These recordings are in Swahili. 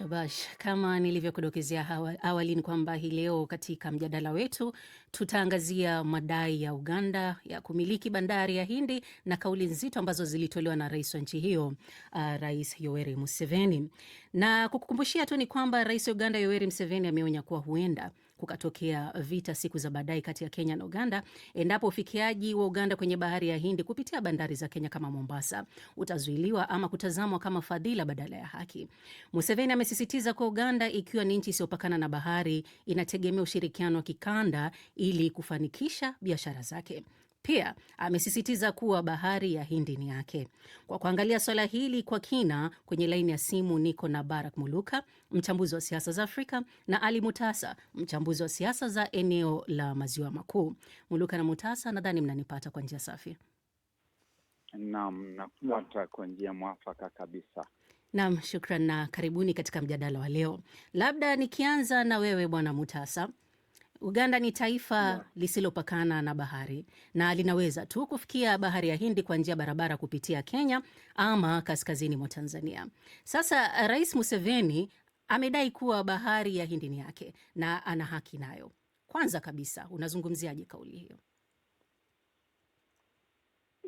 Shabash, kama nilivyokudokezea awali ni kwamba hii leo katika mjadala wetu tutaangazia madai ya Uganda ya kumiliki bandari ya Hindi na kauli nzito ambazo zilitolewa na rais wa nchi hiyo, uh, Rais Yoweri Museveni. Na kukukumbushia tu ni kwamba rais wa Uganda Yoweri Museveni ameonya kuwa huenda kukatokea vita siku za baadaye kati ya Kenya na Uganda endapo ufikiaji wa Uganda kwenye bahari ya Hindi kupitia bandari za Kenya kama Mombasa utazuiliwa ama kutazamwa kama fadhila badala ya haki. Museveni amesisitiza kuwa Uganda ikiwa ni nchi isiyopakana na bahari inategemea ushirikiano wa kikanda ili kufanikisha biashara zake. Pia amesisitiza kuwa bahari ya Hindi ni yake. Kwa kuangalia swala hili kwa kina, kwenye laini ya simu niko na Barak Muluka, mchambuzi wa siasa za Afrika, na Ali Mutasa, mchambuzi wa siasa za eneo la maziwa makuu. Muluka na Mutasa, nadhani mnanipata kwa njia safi. Naam, nakupata kwa njia mwafaka kabisa. Naam, shukran na karibuni katika mjadala wa leo. Labda nikianza na wewe Bwana Mutasa. Uganda ni taifa yeah, lisilopakana na bahari na linaweza tu kufikia bahari ya Hindi kwa njia barabara kupitia Kenya ama kaskazini mwa Tanzania. Sasa Rais Museveni amedai kuwa bahari ya Hindi ni yake na ana haki nayo. Kwanza kabisa unazungumziaje kauli hiyo?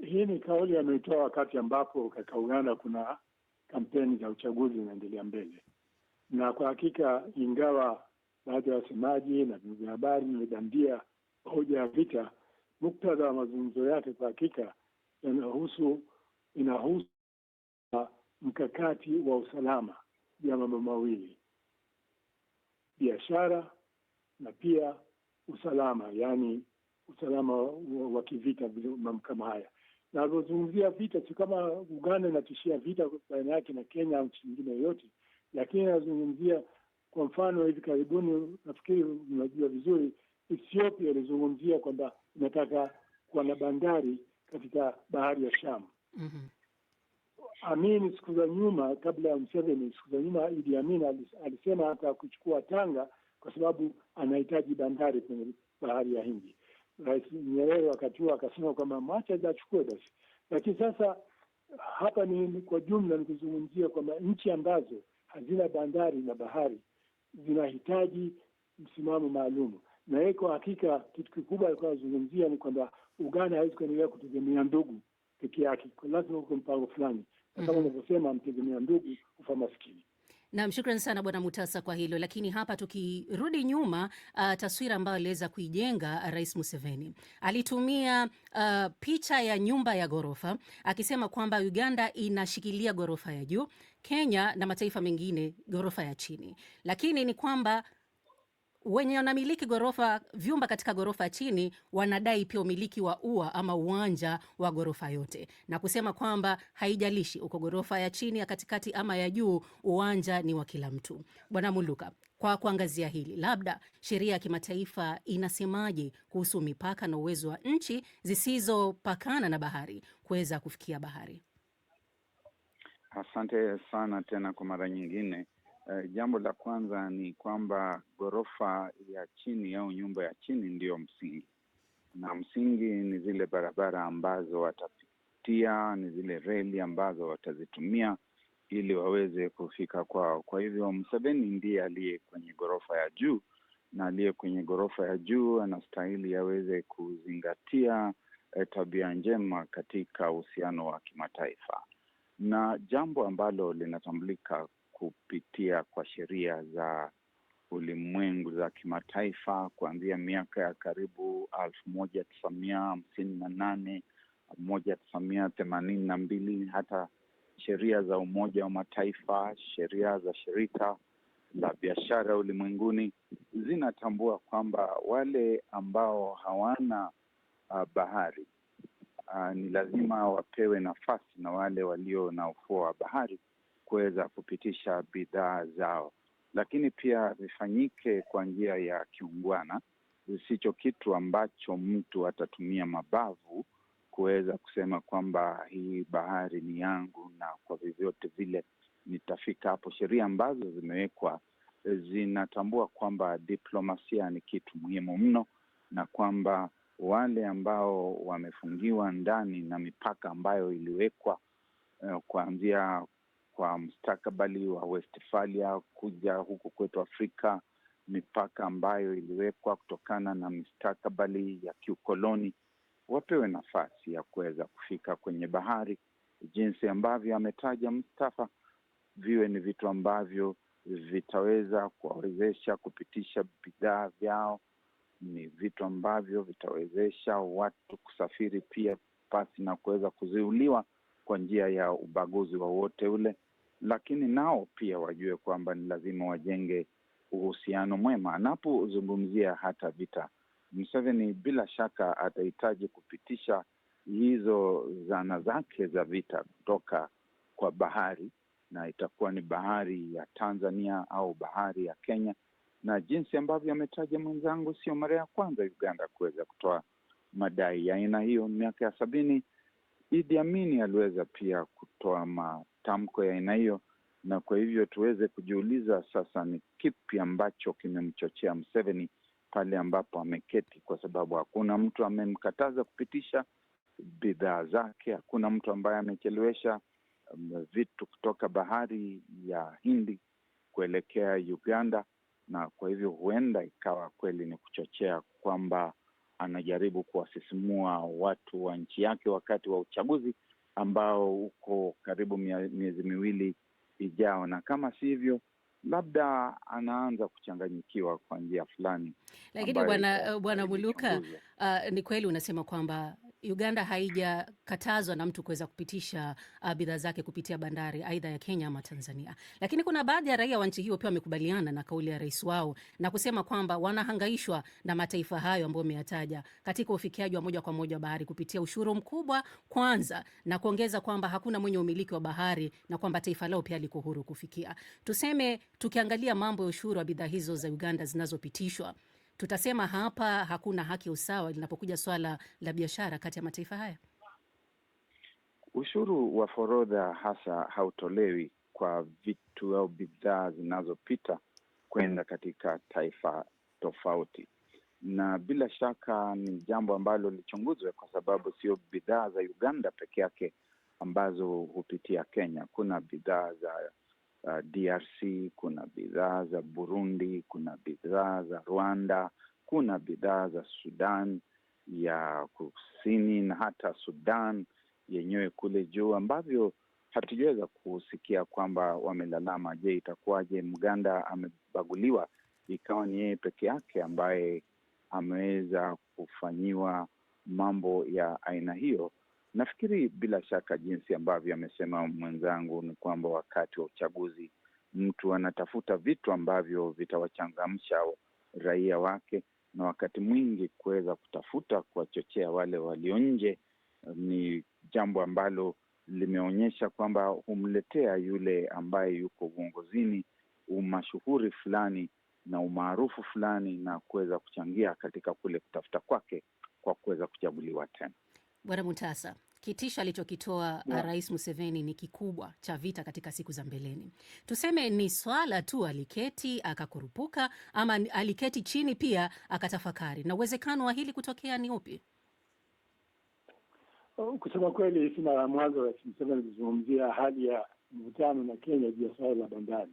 Hii ni kauli ameitoa wakati ambapo katika Uganda kuna kampeni za uchaguzi zinaendelea mbele, na kwa hakika ingawa baadhi ya wasemaji na vyombo vya habari vinadandia hoja ya vita. Muktadha wa mazungumzo yake kwa hakika yanahusu inahusu mkakati wa usalama ya mambo mawili, biashara na pia usalama, yaani usalama wa kivita, mambo kama haya. navyozungumzia vita, si kama Uganda inatishia vita baina yake na Kenya au nchi nyingine yoyote, lakini anazungumzia kwa mfano hivi karibuni, nafikiri mnajua vizuri, Ethiopia ilizungumzia kwamba inataka kuwa na bandari katika bahari ya Shamu. mm -hmm. Amin siku za nyuma, kabla ya Museveni, siku za nyuma Idi Amin alisema hata kuchukua Tanga kwa sababu anahitaji bandari kwenye bahari ya Hindi. Rais Nyerere wakati huo akasema kwamba mwacha achukue basi, lakini sasa hapa ni kwa jumla ni kuzungumzia kwamba nchi ambazo hazina bandari na bahari zinahitaji msimamo maalum, na yeye kwa hakika kitu kikubwa alikuwa anazungumzia ni kwamba Uganda hawezi kuendelea kutegemea ndugu peke yake, lazima uko mpango fulani, na kama mhm. unavyosema, mtegemea ndugu hufa maskini. Naam, shukran sana Bwana Mutasa kwa hilo, lakini hapa tukirudi nyuma, uh, taswira ambayo aliweza kuijenga uh, Rais Museveni alitumia uh, picha ya nyumba ya ghorofa akisema kwamba Uganda inashikilia ghorofa ya juu, Kenya na mataifa mengine ghorofa ya chini, lakini ni kwamba wenye wanamiliki gorofa vyumba katika gorofa chini wanadai pia umiliki wa ua ama uwanja wa gorofa yote, na kusema kwamba haijalishi uko gorofa ya chini, ya katikati ama ya juu, uwanja ni wa kila mtu. Bwana Muluka, kwa kuangazia hili, labda sheria ya kimataifa inasemaje kuhusu mipaka na uwezo wa nchi zisizopakana na bahari kuweza kufikia bahari? Asante sana tena kwa mara nyingine. Uh, jambo la kwanza ni kwamba ghorofa ya chini au nyumba ya chini ndiyo msingi, na msingi ni zile barabara ambazo watapitia, ni zile reli ambazo watazitumia ili waweze kufika kwao. Kwa hivyo Museveni ndiye aliye kwenye ghorofa ya juu, na aliye kwenye ghorofa ya juu anastahili aweze kuzingatia eh, tabia njema katika uhusiano wa kimataifa na jambo ambalo linatambulika kupitia kwa sheria za ulimwengu za kimataifa kuanzia miaka ya karibu elfu moja tisa mia hamsini na nane moja tisa mia themanini na mbili hata sheria za Umoja wa Mataifa, sheria za shirika la biashara ulimwenguni zinatambua kwamba wale ambao hawana uh, bahari uh, ni lazima wapewe nafasi na wale walio na ufuo wa bahari kuweza kupitisha bidhaa zao, lakini pia vifanyike kwa njia ya kiungwana, zisicho kitu ambacho mtu atatumia mabavu kuweza kusema kwamba hii bahari ni yangu na kwa vyovyote vile nitafika hapo. Sheria ambazo zimewekwa zinatambua kwamba diplomasia ni kitu muhimu mno na kwamba wale ambao wamefungiwa ndani na mipaka ambayo iliwekwa eh, kuanzia kwa mstakabali wa Westfalia kuja huku kwetu Afrika, mipaka ambayo iliwekwa kutokana na mstakabali ya kiukoloni, wapewe nafasi ya kuweza kufika kwenye bahari jinsi ambavyo ametaja Mustafa, viwe ni vitu ambavyo vitaweza kuwawezesha kupitisha bidhaa vyao, ni vitu ambavyo vitawezesha watu kusafiri pia pasi na kuweza kuzuiliwa kwa njia ya ubaguzi wowote ule, lakini nao pia wajue kwamba ni lazima wajenge uhusiano mwema. Anapozungumzia hata vita, Museveni bila shaka atahitaji kupitisha hizo zana zake za vita kutoka kwa bahari, na itakuwa ni bahari ya Tanzania au bahari ya Kenya, na jinsi ambavyo ametaja mwenzangu, sio mara ya kwanza Uganda kuweza kutoa madai ya aina hiyo. Miaka ya sabini Idi Amini aliweza pia kutoa matamko ya aina hiyo, na kwa hivyo tuweze kujiuliza sasa ni kipi ambacho kimemchochea mseveni pale ambapo ameketi, kwa sababu hakuna mtu amemkataza kupitisha bidhaa zake. Hakuna mtu ambaye amechelewesha um, vitu kutoka bahari ya Hindi kuelekea Uganda, na kwa hivyo huenda ikawa kweli ni kuchochea kwamba anajaribu kuwasisimua watu wa nchi yake wakati wa uchaguzi ambao uko karibu miezi miwili ijao, na kama sivyo labda anaanza kuchanganyikiwa kwa njia fulani. Lakini bwana eh, bwana Muluka, uh, ah, ni kweli unasema kwamba Uganda haijakatazwa na mtu kuweza kupitisha uh, bidhaa zake kupitia bandari aidha ya Kenya ama Tanzania, lakini kuna baadhi ya raia wa nchi hiyo pia wamekubaliana na kauli ya rais wao na kusema kwamba wanahangaishwa na mataifa hayo ambayo umeyataja katika ufikiaji wa moja kwa moja bahari kupitia ushuru mkubwa kwanza, na kuongeza kwamba hakuna mwenye umiliki wa bahari na kwamba taifa lao pia liko huru kufikia. Tuseme tukiangalia mambo ya ushuru wa bidhaa hizo za Uganda zinazopitishwa tutasema hapa hakuna haki usawa linapokuja swala la biashara kati ya mataifa haya? Ushuru wa forodha hasa hautolewi kwa vitu au bidhaa zinazopita kwenda katika taifa tofauti, na bila shaka ni jambo ambalo lichunguzwe, kwa sababu sio bidhaa za Uganda peke yake ambazo hupitia Kenya. Kuna bidhaa za uh, DRC, kuna bidhaa za Burundi, kuna bidhaa za Rwanda, kuna bidhaa za Sudan ya Kusini na hata Sudan yenyewe kule juu ambavyo hatujaweza kusikia kwamba wamelalama. Je, itakuwaje Mganda amebaguliwa ikawa ni yeye peke yake ambaye ameweza kufanyiwa mambo ya aina hiyo? Nafikiri bila shaka, jinsi ambavyo amesema mwenzangu, ni kwamba wakati wa uchaguzi mtu anatafuta vitu ambavyo vitawachangamsha raia wake, na wakati mwingi kuweza kutafuta kuwachochea wale walio nje ni jambo ambalo limeonyesha kwamba humletea yule ambaye yuko uongozini umashuhuri fulani na umaarufu fulani, na kuweza kuchangia katika kule kutafuta kwake kwa kuweza kuchaguliwa tena. Bwana Mutasa, kitisho alichokitoa yeah, uh, Rais Museveni ni kikubwa cha vita katika siku za mbeleni. Tuseme ni swala tu aliketi akakurupuka, ama aliketi chini pia akatafakari, na uwezekano wa hili kutokea ni upi? Oh, kusema kweli, sina la mwanzo Rais Museveni kuzungumzia hali ya mvutano na Kenya juu ya swala la bandari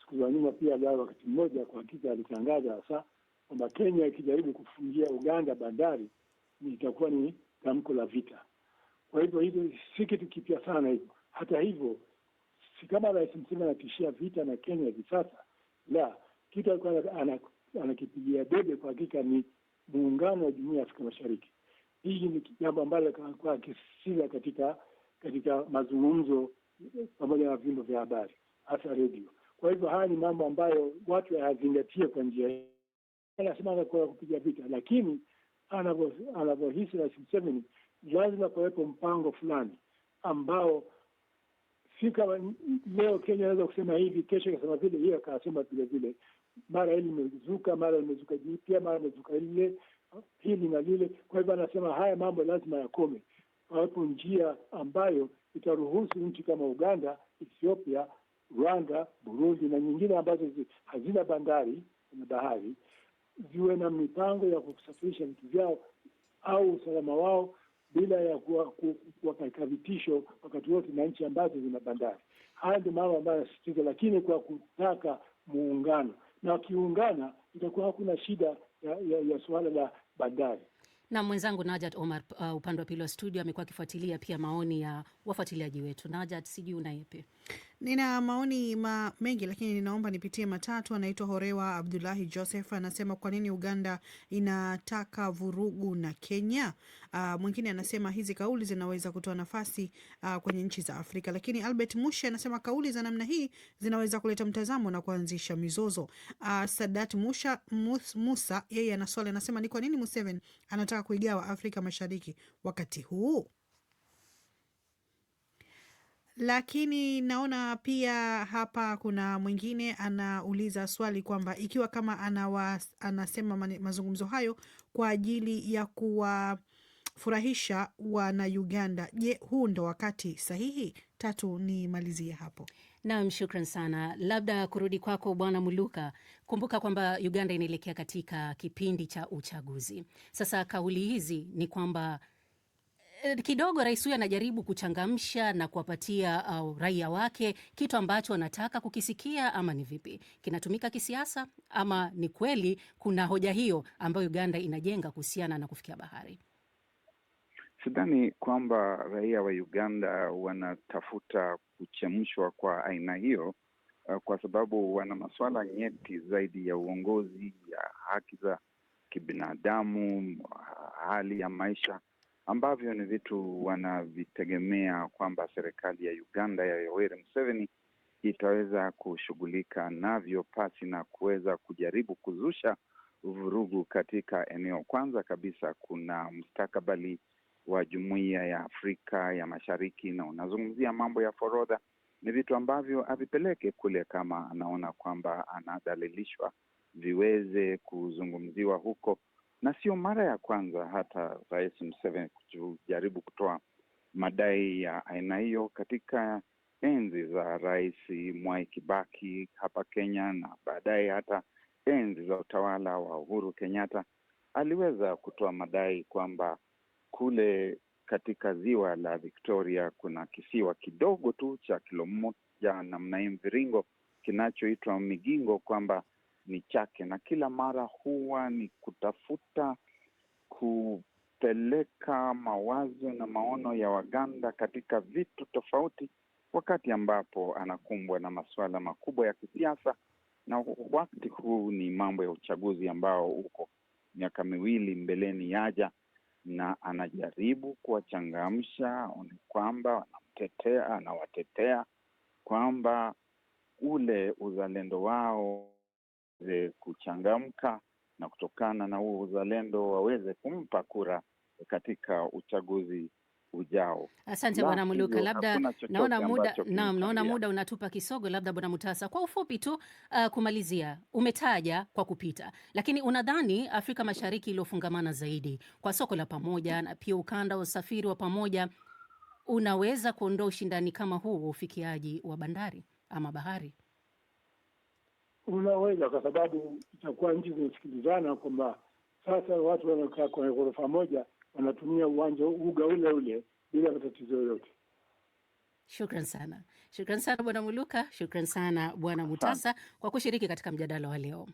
siku za nyuma. Pia gawa wakati mmoja kwa hakika alitangaza hasa kwamba Kenya ikijaribu kufungia Uganda bandari itakuwa ni tamko la vita. Kwa hivyo hivyo si kitu kipya sana hivyo. Hata hivyo, si kama Rais Museveni anatishia vita na Kenya hivi sasa, la kitu alikuwa anakipigia debe kwa hakika ni muungano wa jumuiya ya Afrika Mashariki. Hii ni jambo ambalo alikuwa akisisitiza katika katika mazungumzo pamoja na vyombo vya habari hasa redio. Kwa hivyo haya ni mambo ambayo watu hayazingatie kwa njia hii, anasema kupiga vita, lakini anavyohisi Rais Museveni, lazima kuwepo mpango fulani ambao kama leo Kenya anaweza kusema hivi, kesho ikasema vile, hiyo akasema vile vile, mara hili limezuka, mara limezuka jipya, mara limezuka lile, hili na lile. Kwa hivyo anasema haya mambo lazima yakome, pawepo njia ambayo itaruhusu nchi kama Uganda, Ethiopia, Rwanda, Burundi na nyingine ambazo hazina bandari na bahari ziwe na mipango ya kusafirisha vitu vyao au usalama wao bila ya kuwa, kuwa katika vitisho wakati wote na nchi ambazo zina bandari. Haya ndio mambo ambayo yanasisitiza, lakini kwa kutaka muungano na wakiungana itakuwa hakuna shida ya, ya, ya suala la bandari. Na mwenzangu Najat Omar uh, upande wa pili wa studio amekuwa akifuatilia pia maoni ya wafuatiliaji wetu. Najat, sijui unayepi. Nina maoni ma mengi lakini ninaomba nipitie matatu. Anaitwa Horewa Abdullahi Joseph anasema kwa nini Uganda inataka vurugu na Kenya? Uh, mwingine anasema hizi kauli zinaweza kutoa nafasi uh, kwenye nchi za Afrika. Lakini Albert Mushe anasema kauli za namna hii zinaweza kuleta mtazamo na kuanzisha mizozo. Uh, Sadat Musha, Mus, Musa yeye ana swali anasema ni kwa nini Museveni anataka kuigawa Afrika Mashariki wakati huu? Lakini naona pia hapa kuna mwingine anauliza swali kwamba ikiwa kama anawa, anasema mazungumzo hayo kwa ajili ya kuwafurahisha wana Uganda, je, huu ndo wakati sahihi? Tatu nimalizie hapo. Naam, shukran sana. Labda kurudi kwako Bwana Muluka, kumbuka kwamba Uganda inaelekea katika kipindi cha uchaguzi. Sasa kauli hizi ni kwamba Eh, kidogo rais huyu anajaribu kuchangamsha na kuwapatia uh, raia wake kitu ambacho wanataka kukisikia, ama ni vipi? Kinatumika kisiasa ama ni kweli kuna hoja hiyo ambayo Uganda inajenga kuhusiana na kufikia bahari? Sidhani kwamba raia wa Uganda wanatafuta kuchemshwa kwa aina hiyo, uh, kwa sababu wana masuala nyeti zaidi ya uongozi, ya haki za kibinadamu, hali ya maisha ambavyo ni vitu wanavitegemea kwamba serikali ya Uganda ya Yoweri mseveni itaweza kushughulika navyo pasi na kuweza kujaribu kuzusha vurugu katika eneo. Kwanza kabisa, kuna mstakabali wa jumuiya ya Afrika ya Mashariki na unazungumzia mambo ya forodha. Ni vitu ambavyo avipeleke kule kama anaona kwamba anadhalilishwa, viweze kuzungumziwa huko na sio mara ya kwanza hata Rais mseveni kujaribu kutoa madai ya aina hiyo katika enzi za Rais Mwai Kibaki hapa Kenya, na baadaye hata enzi za utawala wa Uhuru Kenyatta aliweza kutoa madai kwamba kule katika ziwa la Victoria kuna kisiwa kidogo tu cha kilomoja namna hii mviringo kinachoitwa Migingo, kwamba ni chake, na kila mara huwa ni kutafuta kupeleka mawazo na maono ya Waganda katika vitu tofauti, wakati ambapo anakumbwa na masuala makubwa ya kisiasa, na wakti huu ni mambo ya uchaguzi ambao uko miaka miwili mbeleni yaja, na anajaribu kuwachangamsha ni kwamba anamtetea, anawatetea kwamba ule uzalendo wao waweze kuchangamka na kutokana na huo uzalendo waweze kumpa kura katika uchaguzi ujao. Asante Bwana Muluka, labda naona muda, naam, naona muda unatupa kisogo. Labda Bwana Mutasa, kwa ufupi tu uh, kumalizia, umetaja kwa kupita, lakini unadhani Afrika Mashariki iliyofungamana zaidi kwa soko la pamoja na pia ukanda wa usafiri wa pamoja unaweza kuondoa ushindani kama huu wa ufikiaji wa bandari ama bahari? unaweza, kwa sababu itakuwa nchi zinasikilizana kwamba sasa watu wanaokaa kwenye ghorofa moja wanatumia uwanja uga ule ule bila matatizo yoyote. Shukran sana, shukran sana Bwana Muluka, shukran sana Bwana Mutasa kwa kushiriki katika mjadala wa leo.